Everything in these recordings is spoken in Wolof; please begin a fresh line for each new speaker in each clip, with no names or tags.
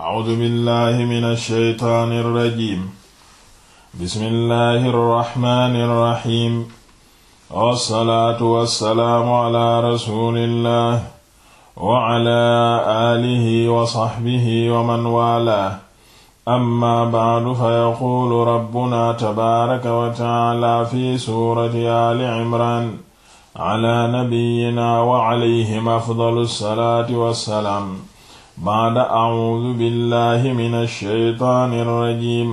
A'uuzu billaahi mina shaytaani rajiim. Bismillaahi rahmaani rahiim. Wassalaatu wassalaamu alaa rasuulillaah wa alaa aalihi wa sahbihi wa man waalaah. Ammaa ba'du fa yaquulu rabbunaa tabaaraka wa ta'aalaa fi suurati Aali Imraan alaa nabiyyinaa wa alayhim afdalu salaati wa salaam. baada acuudu billahi min alsheytaani alrajim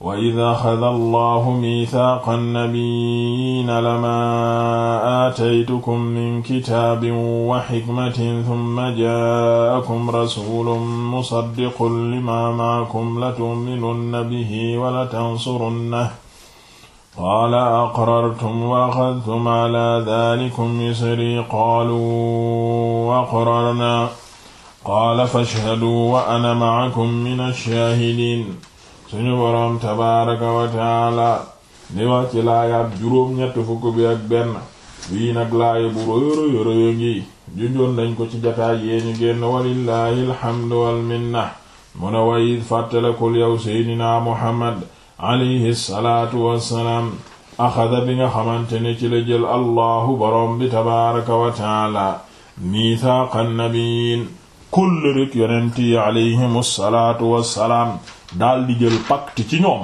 wa id axada allahu mithaaqa annabiyiina lamaa aataytukum min kitaabin wa xikmatin tumma jaakum rasulun musaddiqun limaa maakum latuminunna bihi walatansurunnahu qaala aqrartum wa axadtum calaa daalikum isrii qaaluu aqrarnaa qaala fashhaduu wa ana maakum min alshaahidiin suñu boroom tabaaraka wa taala ni wax ci laayaab juróom-ñett fukk bi ak benn bii nag laaya bu rëy a rëy ngi junjoon nañ ko ci jataay yee ñu génn walillaahi alhamdu walminna mu ne way fàttalekul yow seydinaa muhammad alayhi salaatu wassalaam axada bi nga xamante ne ci la jël allahu boroom bi tabaaraka wa taala miithaaqan nabiyiin kóllëreek yonent yi alayhimu salaatu wassalaam daal di jël pacte ci ñoom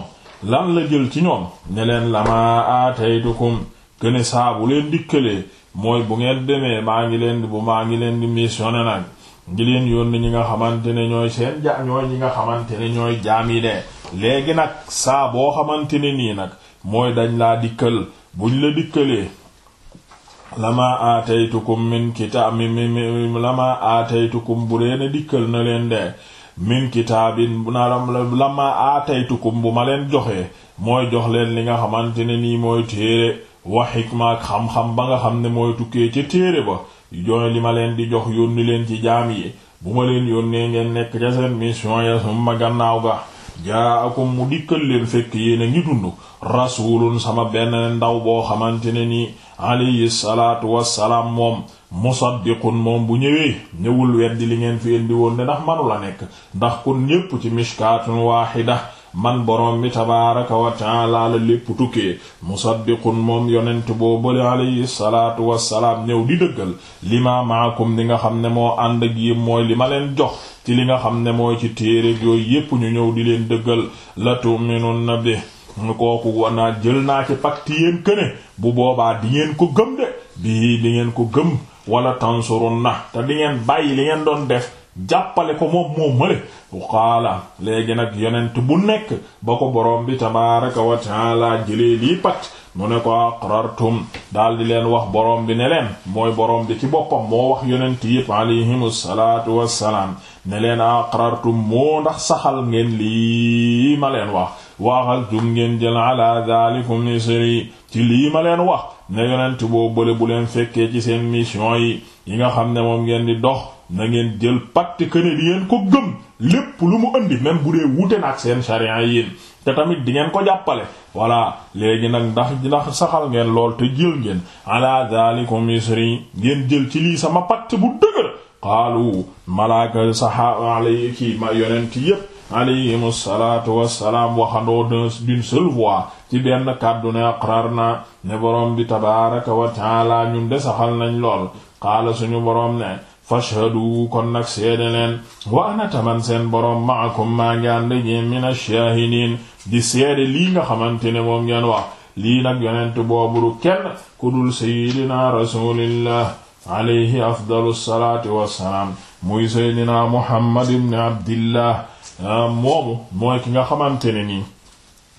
lan la jël ci ñoom ñeleen leen lama aataytukum kene saa bu leen dikkalee mooy bu ngeen demee maa ngi leen di bu maa ngi leen di missionné nag ngi leen yónni ñi nga xamante ne ñooy seen ja ñooy ñi nga xamante ne ñooy jaam yi de léegi nag saa boo xamante ne nii nag mooy dañ laa dikkal buñ la dikkalee lama aataytukum min kitaab lama aataytukum bu dee ne dikkal na leen de min kitaabin lama aataytukum bu ma leen joxee mooy jox leen li nga xamante ne nii mooy téere wa xikma ak xam-xam ba nga xam ne mooy tukkee ca téere ba joy li ma leen di jox yónni leen ci jaam yi bu ma leen yónnee ngeen nekk ca seen mission ya summa gannaaw ga jaakum mu dikkal leen fekk yéen a ngi dund rasulun sama benn ndaw boo xamante ne nii alayhi salaatu wassalaam moom musaddiqun moom bu ñëwee ñëwul weddi li ngeen fi indi woon ne ndax manu la nekk ndax kon ñépp ci mishkaatun waahida man borom bi tabaaraka wa taala la lépp tukkee musaddiqun moom yonent boobale alayhi salaatu wassalaam ñëw di dëggal li ma maakum li nga xam ne moo ànd ak yéen mooy li ma leen jox ci li nga xam ne mooy ci téere yooyu yépp ñu ñëw di leen dëggal la tu'minun nabi mu kooku war naa jël naa ci pacte yéen këne bu boobaa di ko gëm de bii di ngeen ko gëm wala tansurun na te dingeen ngeen bàyyi li ngeen doon def jàppale ko moom moo mële qaala léegi nag yonent bu nekk ba ko borom bi tabaaraka wa taala jëlee lii pacte mu ne ko aqrartum daal di leen wax borom bi ne leen mooy borom bi ci boppam moo wax yonent yépp alayhimu salaatu wassalaam ne leen aqrartum moo ndax saxal ngeen lii ma leen wax waxastum ngeen jël ala dalikum isri ci lii ma leen wax ne yonent boo bële bu leen fekkee ci seen mission yi yi nga xam ne moom ngeen di dox na ngeen jël patt këne di ngeen ko gëm lépp lu mu indi même bu dee wuute na ak seen charia yi te tamit di ngeen ko jàppale voilà léegi nag ndax ndax saxal ngeen lool te jël ngeen ala dalikum isri ngeen jël ci lii sama patt bu dëgër xaalu malaaka saha alay kii ma yonent yépp alayhim salaatu wassalaam waxandoo d'une seule voix ci benn kàddu ne aqrar na ne boroom bi tabaaraka wa taala ñun de saxal nañ lool qaala suñu borom ne fashhadu kon nag seede leen wa ana taman seen borom maakum maa ngi ànd ñi mina shaahidin di seede lii nga xamante ne moom ngeen wax lii nag yonent boobu du kenn ku dul sayyidina rasulillah alayhi afdalu salaatu wassalaam muy sayyidina muhammad ibn abdillah Euh, moomu mooy ki nga xamante ne nii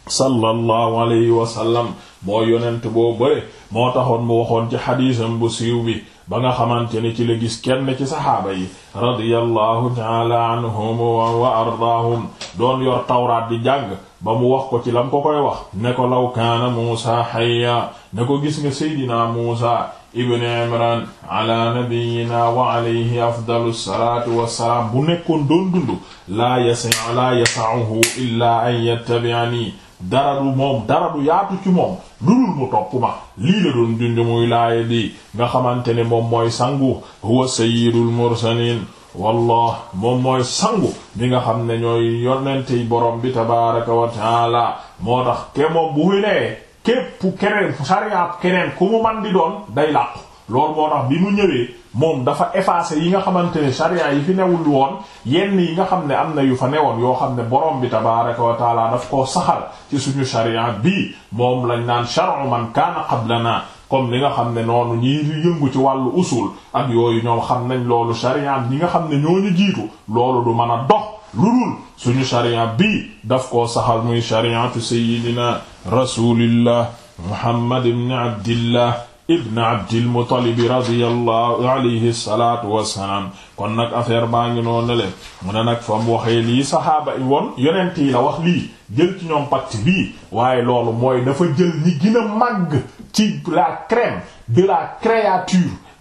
sallallahu alayhi wa sallam moo yonent boo bëre moo taxoon mu waxoon ci xadiisam bu siiw bi ba nga xamante ne ci la gis kenn ci saxaaba yi radiyallahu taala anhum wa ardaahum doon yor tawraat di jàng ba mu wax ko ci lam ko koy wax ne ko law kaana Muusa hayya ne ko gis nga Seydina Muusa ibn imran ala nabiyina wa alayhi afdalu salatu wassalaam bu nekkoon doon dund laa yas laa yasaahu illa an yattabi'ani dara du moom dara du yaatu ci moom dudul mu topp lii la doon dund muy di nga xamante ne moom mooy sangu huwa sayyidul mursalin wallah moom mooy sangu bi nga xam ne ñooy yonente yi borom bi tabaraka wa taala moo tax ke bu wi nee képp keneen sariyaab keneen ku mu man di doon day làqu loolu moo tax bi mu ñëwee moom dafa effacé yi nga xamante ne sariya yi fi newul woon yenn yi nga xam ne am na yu fa newoon yoo xam ne borom bi tabaraka wa taala daf koo saxal ci suñu sariya bii moom lañ naan shar'u man kaana qablana comme li nga xam ne noonu ñi yëngu ci wàllu usul ak yooyu ñoom xam nañ loolu sariya ñi nga xam ne ñoo ñu jiitu loolu du mën a dox lu dul suñu sharia bii daf koo saxal muy shariatu sayyidina rasulillah muhammad ibn kon affaire baa ngi noonu le mu ne nag fa mu waxee lii saxaaba yi woon yonent wax lii jël ci ñoom pacte bii waaye loolu mooy dafa jël ñi gën a màgg ci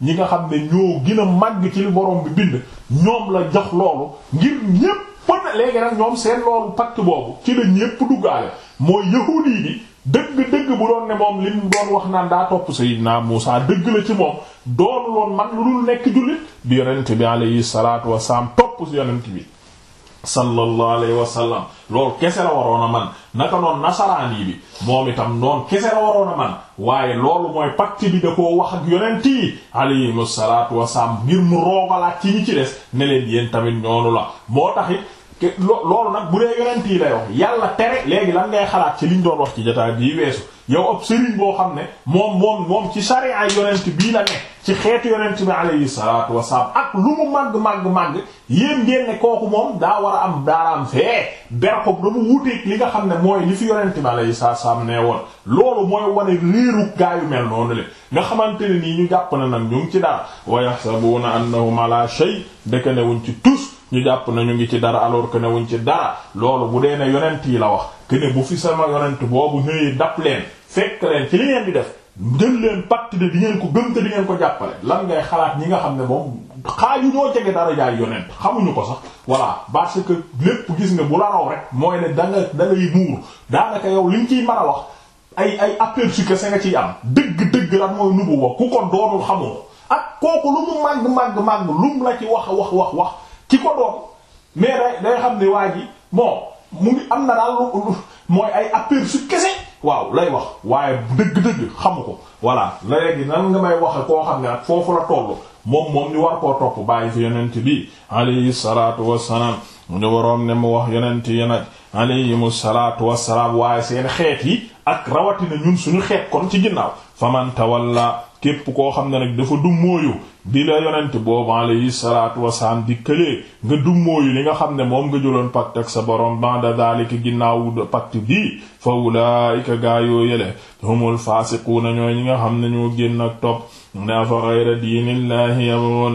ñi nga xam ne ñoo gën li borom bi bind ñoom la jox loolu ngir ñépp pën léegi nag ñoom seen loolu pacte boobu ci la ñépp duggaale mooy yahuud yi dëgg dëgg bu doon ne moom li doon wax naan daa topp Seydina Muusaa dëgg la ci moom doonu loon man lu dul nekk jullit bi yonent bi alayhi salaatu wassalaam topp si yonent bi sallallahu alayhi wa sallam loolu kese a man naka noonu nasaraan yi bi moom itam noonu kese la man waaye loolu mooy pacte bi da koo wax ak yonent yi alayhimu salaatu wasalaam ngir mu roogalaat ci ñi ci des ne tamit ñoonu la moo taxit loolu nag bu dee yonent yi lay yàlla tere léegi lan ngay xalaat ci liñ doon wax ci jotaay bii weesu yow ab sëriñ boo xam ne moom moom moom ci sariya yonent bii la ne ci xeet yonent bi alayhi salaatu wasalaam ak lu mu màgg màgg màgg yéen kooku moom daa am daaraam fee ber ko damu nga xam ne mooy li fi yonent bi alayhi salaatu wasalaam nee woon loolu mooy wane réeru gaayu mel noonu le nga xamante ne nii ñu jàpp na nag ñu ngi ci dara wa yahsabuuna annahum ala shay dëkk ne ci tus ñu jàpp na ñu ngi ci dara alors que ci dara loolu bu dee ne yonent yi la wax que bu fi sama yonent boobu ñëwee dab leen fekk leen ci li ngeen di def jël leen pacte de di ngeen ko gëm te di ngeen ko jàppale lan ngay xalaat ñi nga xam ne moom xaaju ñoo jege dara jaay yonent xamuñu ko sax voilà parce que lépp gis nga bu la raw rek mooy ne da nga da ngay muur daanaka yow liñ ci mën a wax ay ay si kese nga ci am dëgg-dëgg lan mooy nubu wa ku ko doonul xamoo ak kooku lu mu màgg màgg màgg lum la ci wax wax wax wax ki ko doon mais day day xam ne waa yi bon mu ngi am na daal mooy ay aperçu waaw lay wax waaye dëgg-dëgg xamu ko voilà léegi nan nga may waxe koo xam ne ak foofu la tollu moom moom ñu war koo topp bàyyi fi yonent bi alayhi salaatu wassalaam mu ñu waroon ne mu wax yonent yi nag alayhimu salaatu wassalaam waaye seen xeet yi ak rawatina ñun suñu xeet kon ci ginnaaw faman tawalla képp koo xam ne nag dafa dummóoyu bi la yonent boobu alayhi salaatu wasalaam di këlee nga dummóoyu li nga xam ne moom nga jëloon pacte ak sa borom banda daalika ginnaawu pacte bii fa ulaayika gaa yoo yele humul faasiquuna ñooy ñi nga xam ne ñoo génn ak topp ne afa gayra diinillahi yaboon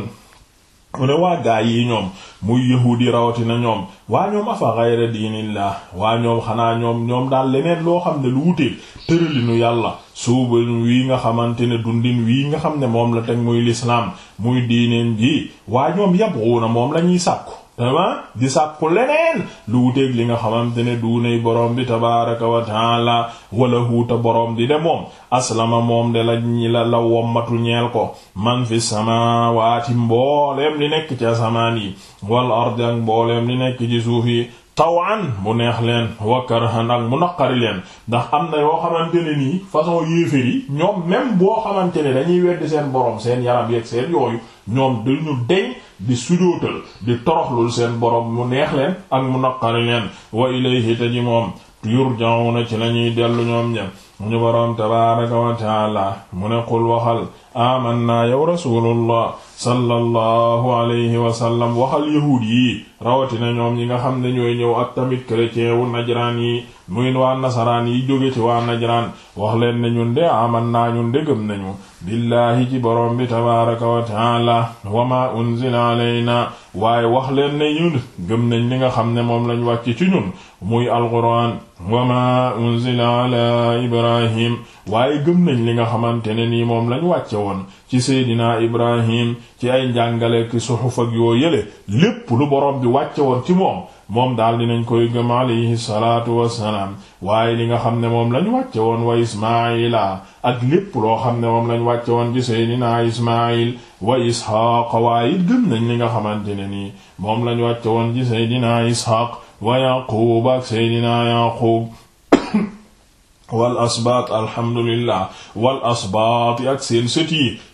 mu ne waa gaa yi ñoom muy yahudi rawatina ñoom waa ñoom afa ghayra diinillah waa ñoom xanaa ñoom ñoom daal leneen loo xam ne lu wutee tëralinu yàlla suuba wii nga xamante ne dundin wii nga xam ne moom la teg muy lislaam muy diineen ji waa ñoom yabxuuna moom la ñuy sàkku ama di sàkku leneen lu wuteeg li nga xamante ne duunay borom bi tabaraka wa taala wala huuta borom di de moom aslama moom de la la la wommatu ñeel ko man fi samawati mbooleem li nekk ci asamaan yi wal ardi mbooleem li nekk ci suuf yi tawaan bu neex leen wakkarhan ak mu naqari leen ndax am na yoo xamante nii façon yéefér yi ñoom même boo xamante ne dañuy weddi seen borom seen yaram yeeg seen yooyu ñoom ñu deñ di sujootal di toroxlul seen borom mu neex leen ak mu naqari leen wa ilayhi ta ji moom yurja'una ci lañuy dellu ñoom ña ñu boroom tabaraka wa taala mu ne qul waxal amanna yow rasulullah sallallahu alayhi wa sallam waxal yahuud yi rawatina ñoom ñi nga xam ne ñooy ñëw ak tamit chrétien wu najraan yi muy waa nasaraan yi jóge ci waa najraan wax leen ne ñun de amanna ñu de gëm nañu billaahi ci borom bi tabaaraka wa taala wa ma alayna waaye wax leen ne ñun gëm nañ li nga xam ne moom lañ wàcc ci ñun muy alquran wa ma ala ibrahim waaye gëm nañ li nga xamante ne nii moom lañ wàcce woon ci seydinaa ibrahim ci ay njàngale ki suxuf ak yoo yële lépp lu borom bi wàcce woon ci moom moom daal nañ koy gëm alayhi salaatu wassalaam waaye li nga xam ne moom lañ wàcce woon wa ismaila ak lépp loo xam ne moom lañu wàcce woon ci seydinaa ismail wa isxaq waaye it gëm nañ li nga xamante ne nii moom lañu wàcce woon ci seydinaa isxaq wa yaquub ak seydinaa yaquub wal asbaat alhamdulillah wal asbaat yi ak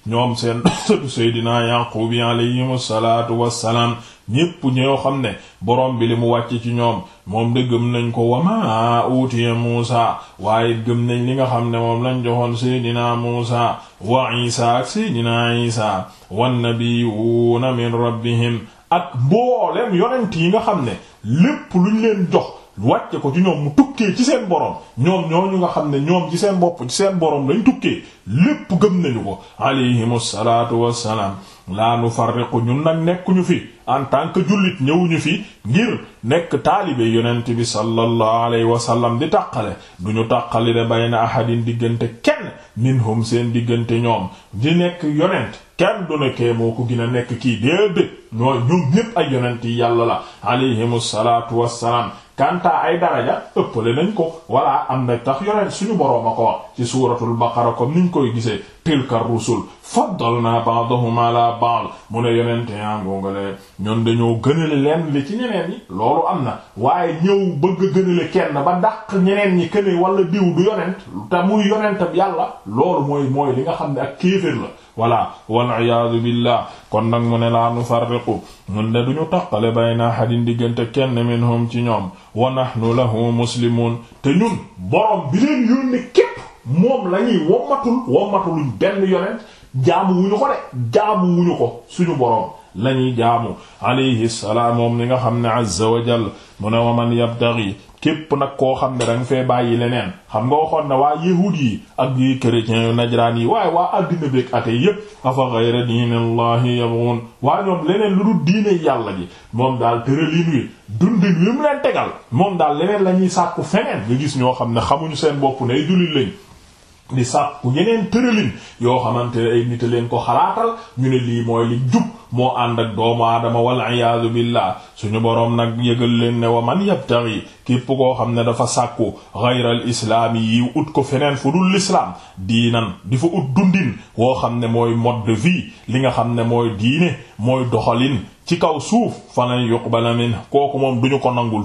ñoom seen sëtu seydinaa yaqub yi alayhim salaatu wassalaam ñépp ñoo xam ne borom bi li mu wàcc ci ñoom moom de gëm nañ ko wama utiya muusa waaye gëm nañ li nga xam ne moom lañ joxoon seydinaa muusa wa isa ak seydinaa isa wan nabiyuuna min rabbihim ak mboolem yonent yi nga xam ne lépp luñ leen jox wàcce ko ci ñoom mu tukkee ci seen borom ñoom ñooñu nga xam ne ñoom ci seen bopp ci seen borom lañ tukkee lépp gëm nañu ko alayhimu salaatu wassalaam laa nu farriqu ñun nag nekkuñu fi en tant que jullit ñëwuñu fi ngir nekk taalibe yonent bi sallallahu alayhi wa sallam di tàqale duñu tàqali de bayna ahadin diggante kenn minhum seen diggante ñoom di nekk yonent kenn du nekkee moo ko gën a nekk kii déedéet ñoo ñoom ñépp ay yonent yi yàlla la alayhimu salaatu wassalaam kanta ay daraja ëppale nañ ko walla am na tax yonent suñu boroom a ko wax ci suuratul baqara comme niñ koy gisee tilka rusul faddalna ba'dahum ala ba'd mu ne yonente yangoongale ah, ñoon dañoo gënale leen li ci ñeneen ñi loolu am na waaye ñëw bëgg a gënale kenn ba dàq ñeneen ñi këne wala diw du yonent te muy yonentab yàlla loolu mooy mooy li nga xam ne ak kéefér la voilà waliyasu billah kon nag mu ne laa nufarriqu mun de duñu taqale bayna ahadin diggante kenn minhum ci ñoom wa nahnu lahu muslimun te ñun borom bi leen yónni képp moom la ñuy wommatul wommatuluñ benn yonent jaamu wuñu ko de jaamu wuñu ko suñu boroom la ñuy jaamu moom ni nga xam ne azza wa jall mu ne wa man képp nag koo xam ne danga fee bàyyi leneen xam nga waxoon na waa yahuud yi ak yi chrétiens yu najraan yi waaye waa addina beeg ate yépp afa ghayra diinillahi yabghun waa ñoom leneen lu dul diine yàlla ji moom daal tëralin wi dundin wi mu leen tegal moom daal leneen la ñuy sàkku feneen nga gis ñoo xam ne xamuñu seen bopp ne ay di sàkku yeneen tëralin yoo xamante ne ay nit a leen ko xalaatal ñu ne lii mooy li jub moo ànd ak doomu aadama wal iyaadu billah suñu borom nag yëgal leen ne wa man yabtaghi képp koo xam ne dafa sàkku ghayral islaam yi ut ko feneen fu dul lislaam diinan di fa ut dundin woo xam ne mooy mode de vie li nga xam ne mooy diine mooy doxalin ci kaw suuf falan yuqbala min kooku moom duñu ko nangul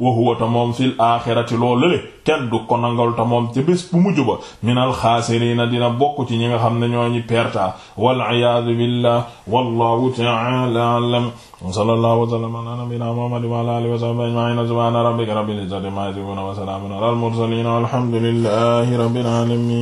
wa huwa ta moom fil axirati loolu le kenn du ko nangal ta moom ca bés bu mujj ba minal xaasiriina dina bokk ci ñi nga xam ne ñoo ñi perta wal iyaadu billah wallahu ta'ala a'lam wa sallallahu wa sallama ala nabiyyina muhammadin wa ala alihi wa sahbihi ajma'in subhana rabbika rabbil izzati amma yasifun wa salamun ala al